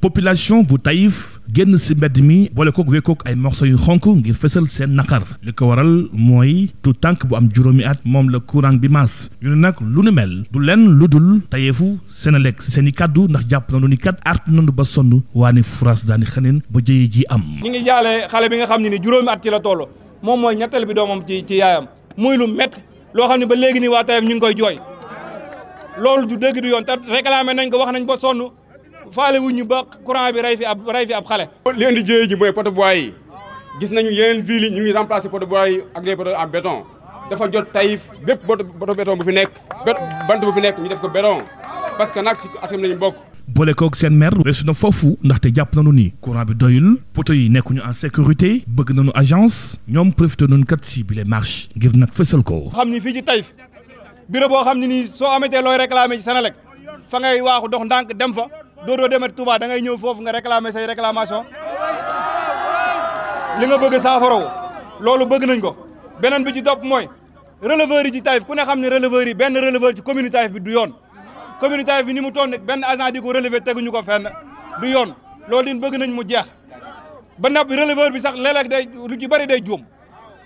population bu Taïf génn si mbedd mi boole kook wekkook ay morceau yu xonk ngir fësal seen naqar li ko waral mooy tu tànk bu am juróomi at moom la courant bi maas ñu ne nag lu nu mel du lenn lu dul tayeefu Senelec si seen i kàddu ndax jàpp na lu ni kat art nanu ba sonn waa ni France daani xaneen ba jëye ji am ñi ngi jaale xale bi nga xam ne ni juróomi at ci la toll moom mooy ñetteel bi doomam ci ci yaayam muy lu métti loo xam ne ba léegi nii waa Taïf ñu ngi koy jooy faale wuñu ba courant bi rey fi ab rey fi ab xale. li indi jéey ji mooy poto bois yi gis nañu yeneen ville yi ñu ngi remplacé poto bois yi ak les poto en béton dafa jot tayif bépp poto béton bu fi nekk bant bu fi nekk ñu def ko béton parce que nag ci askan lañu bokk. boole koog seen maire weesu na foofu ndaxte jàpp nañu ni courant bi doyul poto yi nekkuñu en sécurité bëgg nañu agence ñoom profité nañu kat si bile marche ngir nag fësal ko. xam ni fii ci tayif bureau xam ne nii soo amatee looy réclamé ci Senelec fa ngay waaxu dox ndànk dootoo demet Touba da ngay ñëw foofu nga réclamer say réclamation li nga bëgg saafaraw loolu bëgg nañ ko beneen bi ci topp mooy releveur yi ci Taïf ku ne xam ne releveur yi benn releveur ci commune Taïf bi du yoon commune Taïf bi ni mu toon benn agent di ko relever teguñu ko fenn du yoon lool din bëgg nañ mu jeex ba napp releveur bi sax léeg-léeg day lu ci bëri day juum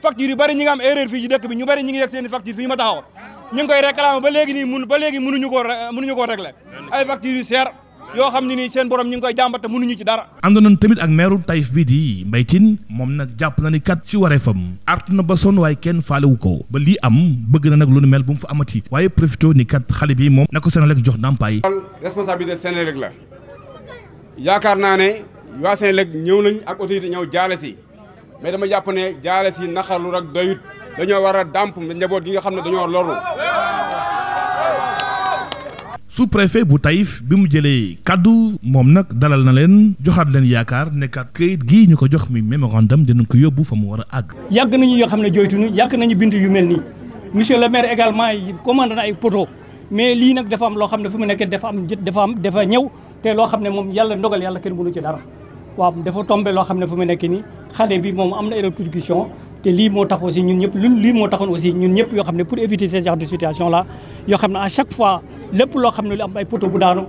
facture yu ñi nga am erreur fii ci dëkk bi ñu bari ñi ngi yegg seen i facture fii ma taxaw ñu ngi koy réclamer ba léegi nii mun ba léegi mënuñu koo mënuñu koo régler ay factures yu seer yoo xam ne nii seen boroom ñu ngi koy jàmbat te ñu ci dara. ànd nañ tamit ak meeru Taïf bii di Mbaye Tine moom nag jàpp na ni kat si wareefam art na ba son waaye kenn faalewu ko ba lii am bëgg na nag lu nu mel bu mu fa amati waaye profité ni kat xale bi moom na ko Senelec jox ndàmpaay. responsabilité Senelec la yaakaar naa ne waa Senelec ñëw nañ ak autorité ñëw jaale si mais dama jàpp ne jaale si naxarlu rek doyut dañoo war a dàmp njaboot gi nga xam ne dañoo loru sous-préfet bu Taïf bi mu jëlee kaddu moom nag dalal na leen joxaat leen yaakaar nekkaat këyit gii ñu ko jox mi mémorandum dinañ ko yóbbu fa mu war a àgg. yàgg nañu yoo xam ne jooytuñu yàgg nañu bind yu mel nii monsieur le maire également commandé na ay poto mais lii nag dafa am loo xam ne fu mu nekkee dafa am dafa am dafa ñëw te loo xam ne moom yàlla ndogal yàlla kenn mënu ci dara waaw dafa tombé loo xam ne fu mu nekk nii xale bi moom am na lii moo tax aussi ñun ñëpp moo taxoon aussi ñun ñëpp yoo xam ne pour éviter ce genre de xam ne à fois lépp loo xam ne lu am ay poteau bu daanu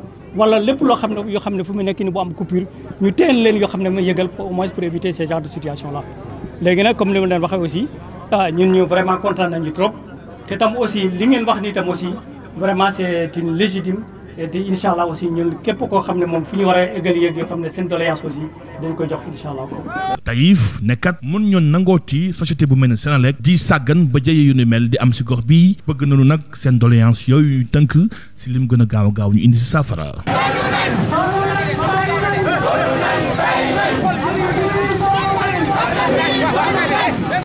lépp loo xam ne yoo xam ne fu mu nekk ni bu am coupure ñu teel leen yoo xam ne ma yëgal au moins pour éviter ce genre de situation là léegi nag comme li ma leen waxee aussi ah ñun trop te tam aussi li ngeen wax ni tam aussi vraiment c'est une légitime te incha allah aussi ñun képp koo xam ne fu ñu war a eggal yéeg yoo xam ne seen doléance aussi dañ ko jox incha nekkat mën ñoon nangooti société bu mel ne Senelec di sàggan ba jëye yu ni mel di am si gox bi bëgg nañu nag seen doléance yooyu tënk si lim gën a gaaw gaaw ñu indi si saafara.